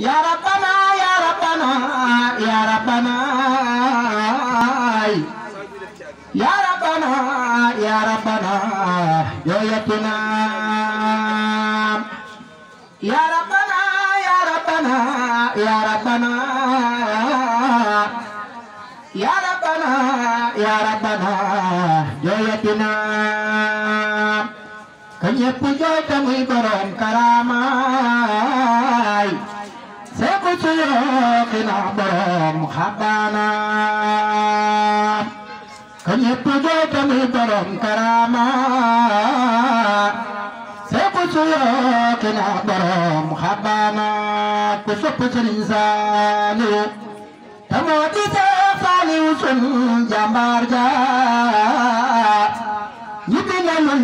يا ربنا يا ربنا يا ربنا يا ربنا يا ربنا جويتنا يا ربنا يا ربنا يا ربنا يا ربنا يا ربنا جويتنا كن يبقى جويتا مي برام كراماي xëy na borom xabaana ka ñëpp jot a muy borom karama seeku suyoo xëy na borom xabaana ku sopp Sëriñ Saaliw te moo di Seex Saaliw sun jàmbaar ja ñibbi na lu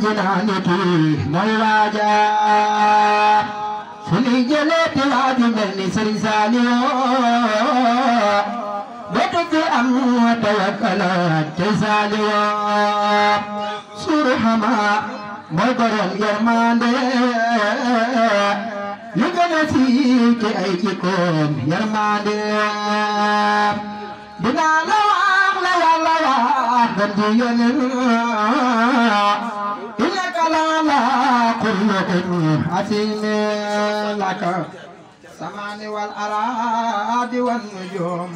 jinaani kii mooy waaja jëlee laa di mel ni Serigne Saliou bëtu fi am tawakkala te Saliou suuru xamaa mooy borom yërmande yu gën a sii ci ay jikkoom yërmande dinaa la wax la yàlla wax gën di yónni كلكم حسين لك سمان والأراد والنجوم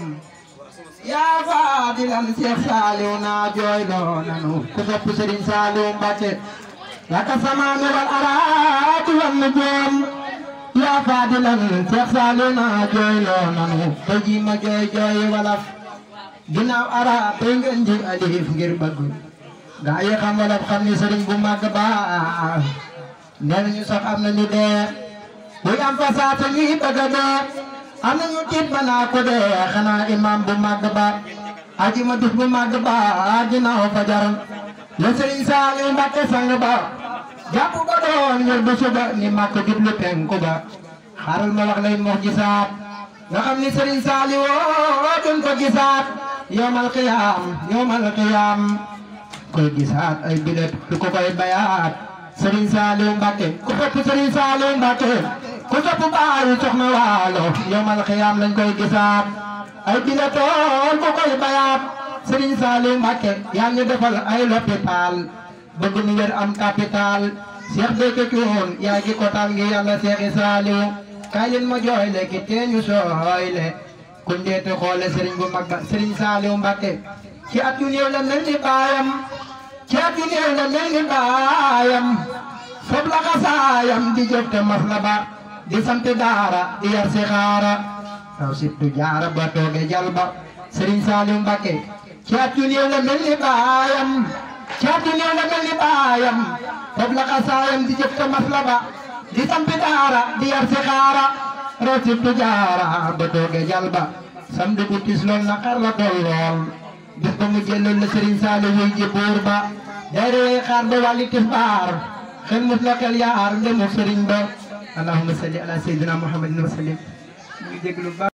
yaa faa di lan Cheikh Saliou naa jooyloo nanu ku sopp Serigne Saliou Mbacké laka samaane wal araati wan nujuum yaa faa di lan Cheikh Saliou naa jooyloo nanu te ji ma jooy jooy walaf ginnaaw ara tey ngeen ji alif ngir bëgg gaa yi xam walaf xam ni Serigne bu mag baax nee nañu sax am nañu dee buy am fasaata ñuy bëgg a dee am nañu tiit ba naa ko dee xanaa imam bu màgg ba aji ma duf bu màgg ba ginnaaw fajar le sëriñ Saliou Mbacké sang ba jàpp ko doon ñor bu suba ni màkk jublu penku ba xaaral ma wax lay mox gisaat nga xam ni sëriñ Saliou duñ ko gisaat yoomal qiyaam yoomal qiyaam koy gisaat ay bilet du ko koy bayaat Serigne Saliou Mbacké ku topp Serigne Saliou Mbacké ku topp baayu soxna waalo yomal xiyaam lañ koy gisaat ay bila tool koy bayaat Serigne Saliou Mbacké yaa ñu defal ay lopitaan bëgg ñu am capital Cheikh Béthio Thioune yaa ngi ko tàngi yàlla Cheikh Saliou kaay leen ma jooyle ki teeñu sooyle ku ndeete xoole Serigne bu mag ba Serigne Saliou Mbacké ci at yu néew la mel ni baayam jigéen nga mel ni baayam fob la xasaayam di jëf te mas la ba di sant daara di yar si xaara saw sibtu jaara ba tooge jalba Serigne Saliou Mbacké caat yu néew nga mel ni baayam caat yu néew nga mel ni baayam fob la xasaayam di jëf te mas la ba di sant daara di yar si xaara raw sibtu jaara ba tooge jalba sam dugu tis lool na xar la dool lool bis ba mu jëloon la Serigne Saliou wuy ji buur ba دايري خار بوالي كفار خير مطلق اليار دمو فرين با اللهم صل على سيدنا محمد وسلم